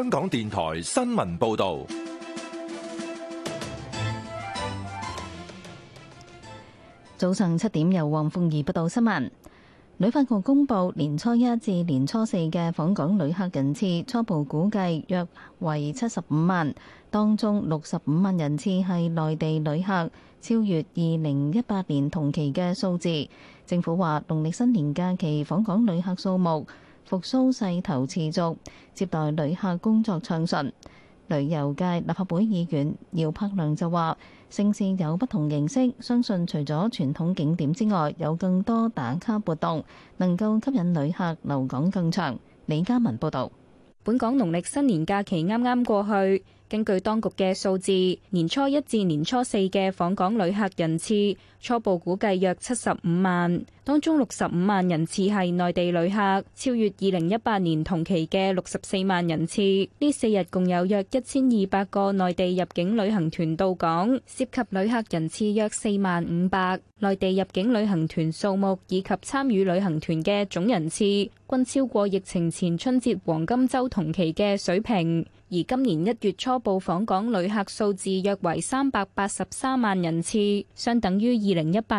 香港電台新聞報道，早上七點由黃鳳儀報道新聞。旅發局公布年初一至年初四嘅訪港旅客人次初步估計約為七十五萬，當中六十五萬人次係內地旅客，超越二零一八年同期嘅數字。政府話農曆新年假期訪港旅客數目。復甦勢頭持續，接待旅客工作暢順。旅遊界立法會議員姚柏良就話，盛事有不同形式，相信除咗傳統景點之外，有更多打卡活動，能夠吸引旅客留港更長。李嘉文報道。本港農曆新年假期啱啱過去。根據當局嘅數字，年初一至年初四嘅訪港旅客人次初步估計約七十五萬，當中六十五萬人次係內地旅客，超越二零一八年同期嘅六十四萬人次。呢四日共有約一千二百個內地入境旅行團到港，涉及旅客人次約四萬五百。內地入境旅行團數目以及參與旅行團嘅總人次均超過疫情前春節黃金週同期嘅水平，而今年一月初部訪港旅客數字約為383萬人次相等於2018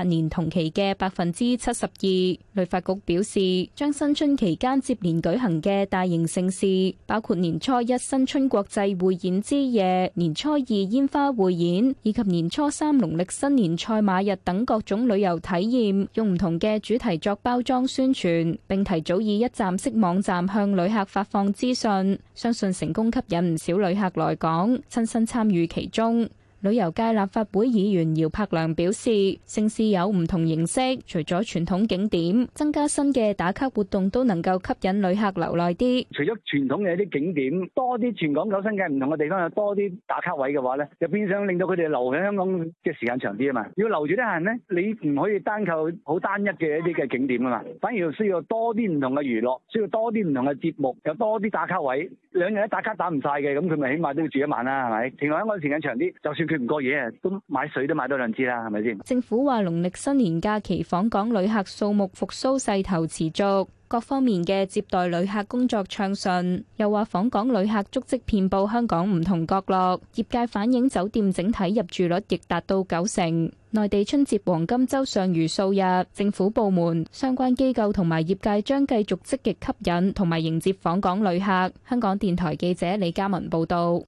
親身參與其中。旅遊界立法會議員姚柏良表示，盛事有唔同形式，除咗傳統景點，增加新嘅打卡活動都能夠吸引旅客留耐啲。除咗傳統嘅一啲景點，多啲全港九新界唔同嘅地方，有多啲打卡位嘅話咧，就變相令到佢哋留喺香港嘅時間長啲啊嘛。要留住啲客人呢，你唔可以單靠好單一嘅一啲嘅景點噶嘛，反而需要多啲唔同嘅娛樂，需要多啲唔同嘅節目，有多啲打卡位。兩日一打卡打唔晒嘅，咁佢咪起碼都要住一晚啦，係咪停留香港嘅時間長啲，就算。佢唔過嘢，都買水都買多兩支啦，係咪先？政府話：農曆新年假期訪港旅客數目復甦勢頭持續，各方面嘅接待旅客工作暢順。又話：訪港旅客足跡遍佈香港唔同角落，業界反映酒店整體入住率亦達到九成。內地春節黃金週尚餘數日，政府部門、相關機構同埋業界將繼續積極吸引同埋迎接訪港旅客。香港電台記者李嘉文報道。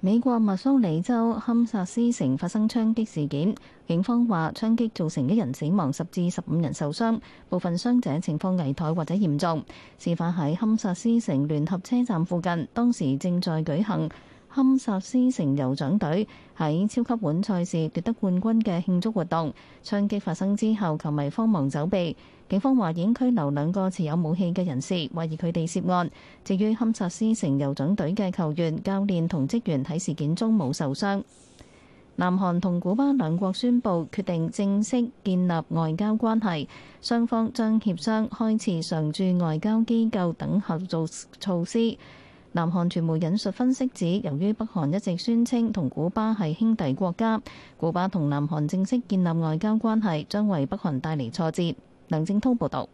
美國密蘇里州堪薩斯城發生槍擊事件，警方話槍擊造成一人死亡，十至十五人受傷，部分傷者情況危殆或者嚴重。事發喺堪薩斯城聯合車站附近，當時正在舉行堪薩斯城酋長隊喺超級碗賽事奪得冠軍嘅慶祝活動，槍擊發生之後，球迷慌忙走避。警方話，已經拘留兩個持有武器嘅人士，懷疑佢哋涉案。至於堪薩斯城酋長隊嘅球員、教練同職員，喺事件中冇受傷。南韓同古巴兩國宣布決定正式建立外交關係，雙方將協商開設常駐外交機構等合作措施。南韓傳媒引述分析指，由於北韓一直宣稱同古巴係兄弟國家，古巴同南韓正式建立外交關係，將為北韓帶嚟挫折。梁正濤報導。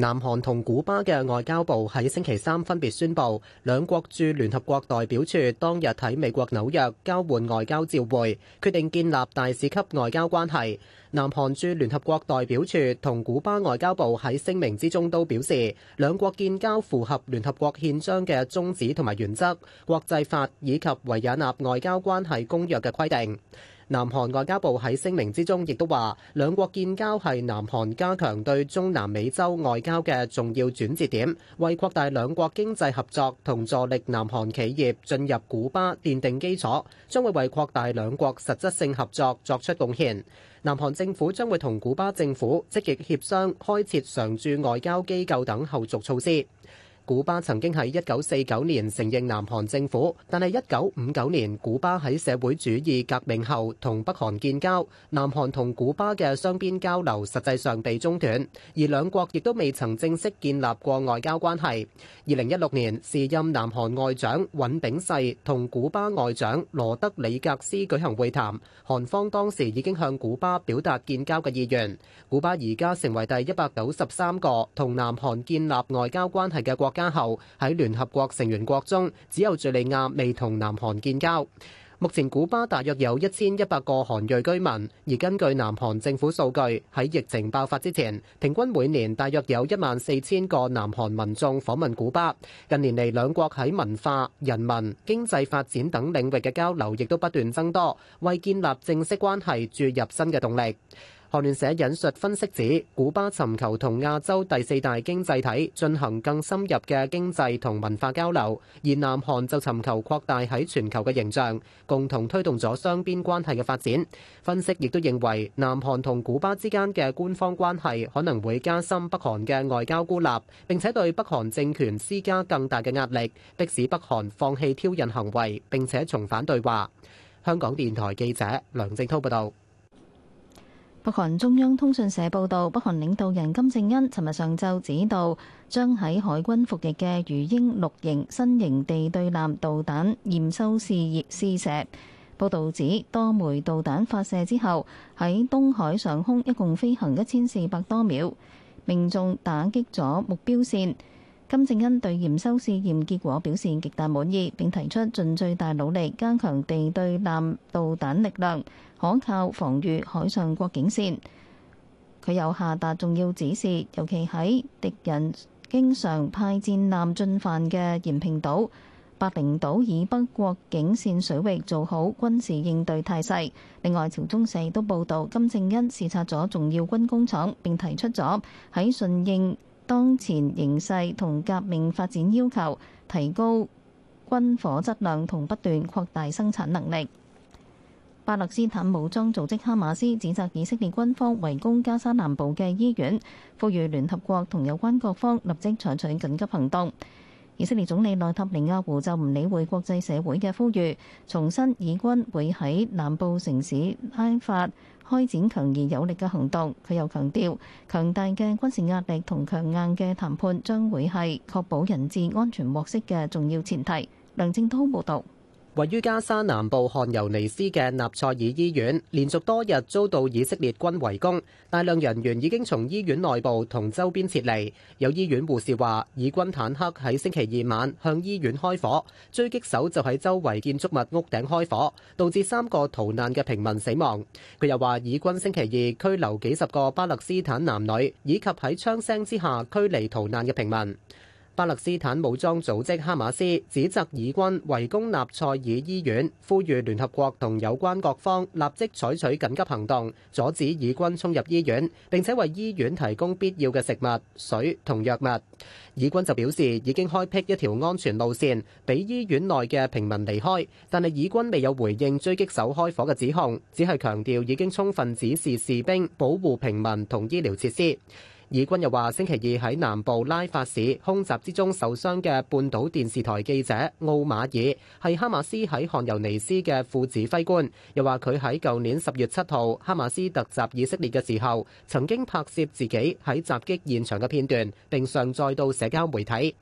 南韓同古巴嘅外交部喺星期三分別宣布，兩國駐聯合國代表處當日喺美國紐約交換外交照會，決定建立大使級外交關係。南韓駐聯合國代表處同古巴外交部喺聲明之中都表示，兩國建交符合聯合國憲章嘅宗旨同埋原則、國際法以及維也納外交關係公約嘅規定。南韓外交部喺聲明之中亦都話，兩國建交係南韓加強對中南美洲外交嘅重要轉折點，為擴大兩國經濟合作同助力南韓企業進入古巴奠定基礎，將會為擴大兩國實質性合作作出貢獻。南韓政府將會同古巴政府積極協商，開設常駐外交機構等後續措施。古巴曾經喺一九四九年承認南韓政府，但係一九五九年古巴喺社會主義革命後同北韓建交，南韓同古巴嘅雙邊交流實際上被中斷，而兩國亦都未曾正式建立過外交關係。二零一六年，時任南韓外長尹炳世同古巴外長羅德里格斯舉行會談，韓方當時已經向古巴表達建交嘅意願。古巴而家成為第一百九十三個同南韓建立外交關係嘅國加後，喺聯合國成員國中，只有敍利亞未同南韓建交。目前古巴大約有一千一百個韓裔居民，而根據南韓政府數據，喺疫情爆發之前，平均每年大約有一萬四千個南韓民眾訪問古巴。近年嚟，兩國喺文化、人民、經濟發展等領域嘅交流亦都不斷增多，為建立正式關係注入新嘅動力。韓聯社引述分析指，古巴尋求同亞洲第四大經濟體進行更深入嘅經濟同文化交流，而南韓就尋求擴大喺全球嘅形象，共同推動咗雙邊關係嘅發展。分析亦都認為，南韓同古巴之間嘅官方關係可能會加深北韓嘅外交孤立，並且對北韓政權施加更大嘅壓力，迫使北韓放棄挑釁行為，並且重返對話。香港電台記者梁正滔報道。北韓中央通訊社報道，北韓領導人金正恩尋日上晝指導將喺海軍服役嘅魚鷹六型新型地對艦導彈驗收試驗試射。報道指多枚導彈發射之後，喺東海上空一共飛行一千四百多秒，命中打擊咗目標線。金正恩對驗收試驗結果表示極大滿意，並提出盡最大努力加強地對艦導彈力量，可靠防禦海上國境線，佢又下達重要指示，尤其喺敵人經常派戰艦進犯嘅延坪島、白翎島以北國境線水域做好軍事應對態勢，另外，《朝中社》都報道，金正恩視察咗重要軍工廠，並提出咗喺順應當前形勢同革命發展要求，提高軍火質量同不斷擴大生產能力。巴勒斯坦武裝組織哈馬斯指責以色列軍方圍攻加沙南部嘅醫院，呼籲聯合國同有關各方立即採取緊急行動。以色列總理內塔尼亞胡就唔理會國際社會嘅呼籲，重申以軍會喺南部城市拉法開展強而有力嘅行動。佢又強調，強大嘅軍事壓力同強硬嘅談判將會係確保人質安全獲釋嘅重要前提。梁正滔報導。位於加沙南部漢尤尼斯嘅納賽爾醫院，連續多日遭到以色列軍圍攻，大量人員已經從醫院內部同周邊撤離。有醫院護士話，以軍坦克喺星期二晚向醫院開火，狙擊手就喺周圍建築物屋頂開火，導致三個逃難嘅平民死亡。佢又話，以軍星期二拘留幾十個巴勒斯坦男女，以及喺槍聲之下驅離逃難嘅平民。巴勒斯坦武裝組織哈馬斯指責以軍圍攻納賽爾醫院，呼籲聯合國同有關各方立即採取緊急行動，阻止以軍衝入醫院，並且為醫院提供必要嘅食物、水同藥物。以軍就表示已經開闢一條安全路線，俾醫院內嘅平民離開，但係以軍未有回應狙擊手開火嘅指控，只係強調已經充分指示士兵保護平民同醫療設施。以軍又話，星期二喺南部拉法市空襲之中受傷嘅半島電視台記者奧馬爾係哈馬斯喺汗尤尼斯嘅副指揮官，又話佢喺舊年十月七號哈馬斯突襲以色列嘅時候，曾經拍攝自己喺襲擊現場嘅片段，並上載到社交媒體。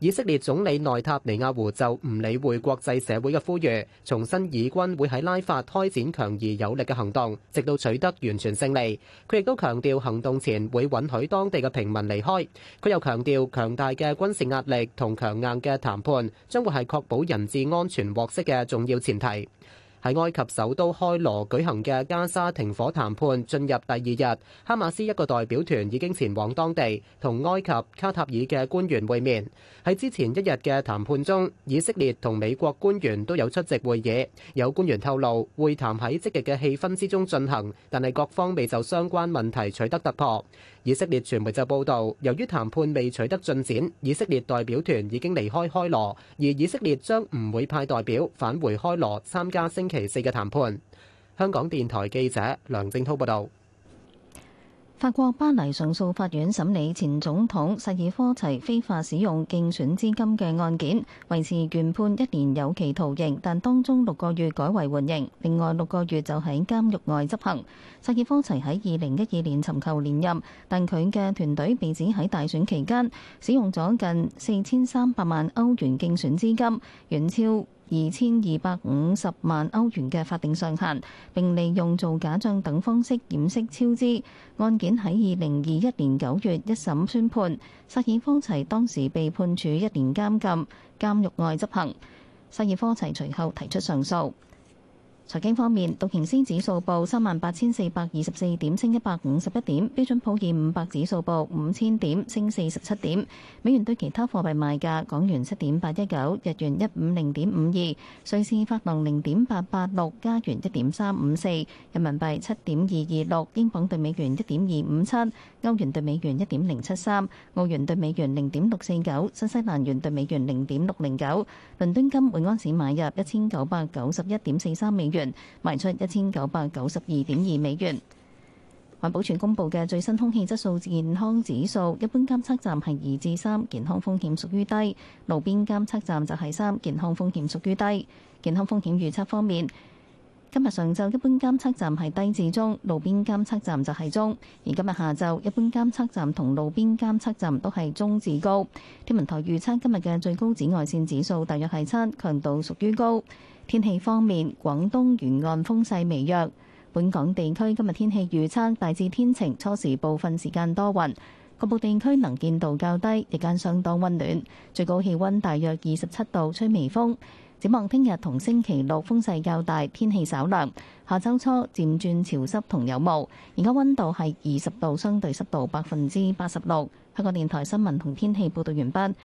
以色列總理內塔尼亞胡就唔理會國際社會嘅呼籲，重申以軍會喺拉法開展強而有力嘅行動，直到取得完全勝利。佢亦都強調行動前會允許當地嘅平民離開。佢又強調強大嘅軍事壓力同強硬嘅談判將會係確保人質安全獲釋嘅重要前提。喺埃及首都開羅舉行嘅加沙停火談判進入第二日，哈馬斯一個代表團已經前往當地同埃及、卡塔爾嘅官員會面。喺之前一日嘅談判中，以色列同美國官員都有出席會議，有官員透露，會談喺積極嘅氣氛之中進行，但係各方未就相關問題取得突破。以色列傳媒就報道，由於談判未取得進展，以色列代表團已經離開開羅，而以色列將唔會派代表返回開羅參加星期。其四嘅談判。香港電台記者梁正濤報道，法國巴黎上訴法院審理前總統薩爾科齊非法使用競選資金嘅案件，維持原判一年有期徒刑，但當中六個月改為緩刑，另外六個月就喺監獄外執行。薩爾科齊喺二零一二年尋求連任，但佢嘅團隊被指喺大選期間使用咗近四千三百萬歐元競選資金，遠超。二千二百五十萬歐元嘅法定上限，並利用做假賬等方式掩飾超支。案件喺二零二一年九月一審宣判，薩爾科齊當時被判處一年監禁，監獄外執行。薩爾科齊隨後提出上訴。財經方面，道瓊斯指數報3萬8424點，升151點；標準普爾500指數報5000點，升47點。美元對其他貨幣賣價：港元7.819，日元150.52，瑞士法郎0.886，加元1.354，人民幣7.226，英鎊對美元1.257，歐元對美元1.073，澳元對美元0.649，新西蘭元對美元0.609。倫敦金每盎司買入1,991.43美元。賣出一千九百九十二點二美元。環保署公布嘅最新空氣質素健康指數，一般監測站係二至三，健康風險屬於低；路邊監測站就係三，健康風險屬於低。健康風險預測方面，今日上晝一般監測站係低至中，路邊監測站就係中；而今日下晝一般監測站同路邊監測站都係中至高。天文台預測今日嘅最高紫外線指數大約係七，強度屬於高。天氣方面，廣東沿岸風勢微弱。本港地區今日天氣預測大致天晴，初時部分時間多雲，局部地區能見度較低，日間相當溫暖，最高氣溫大約二十七度，吹微風。展望聽日同星期六風勢較大，天氣稍涼。下週初漸轉潮濕同有霧。而家溫度係二十度，相對濕度百分之八十六。香港電台新聞同天氣報道完畢。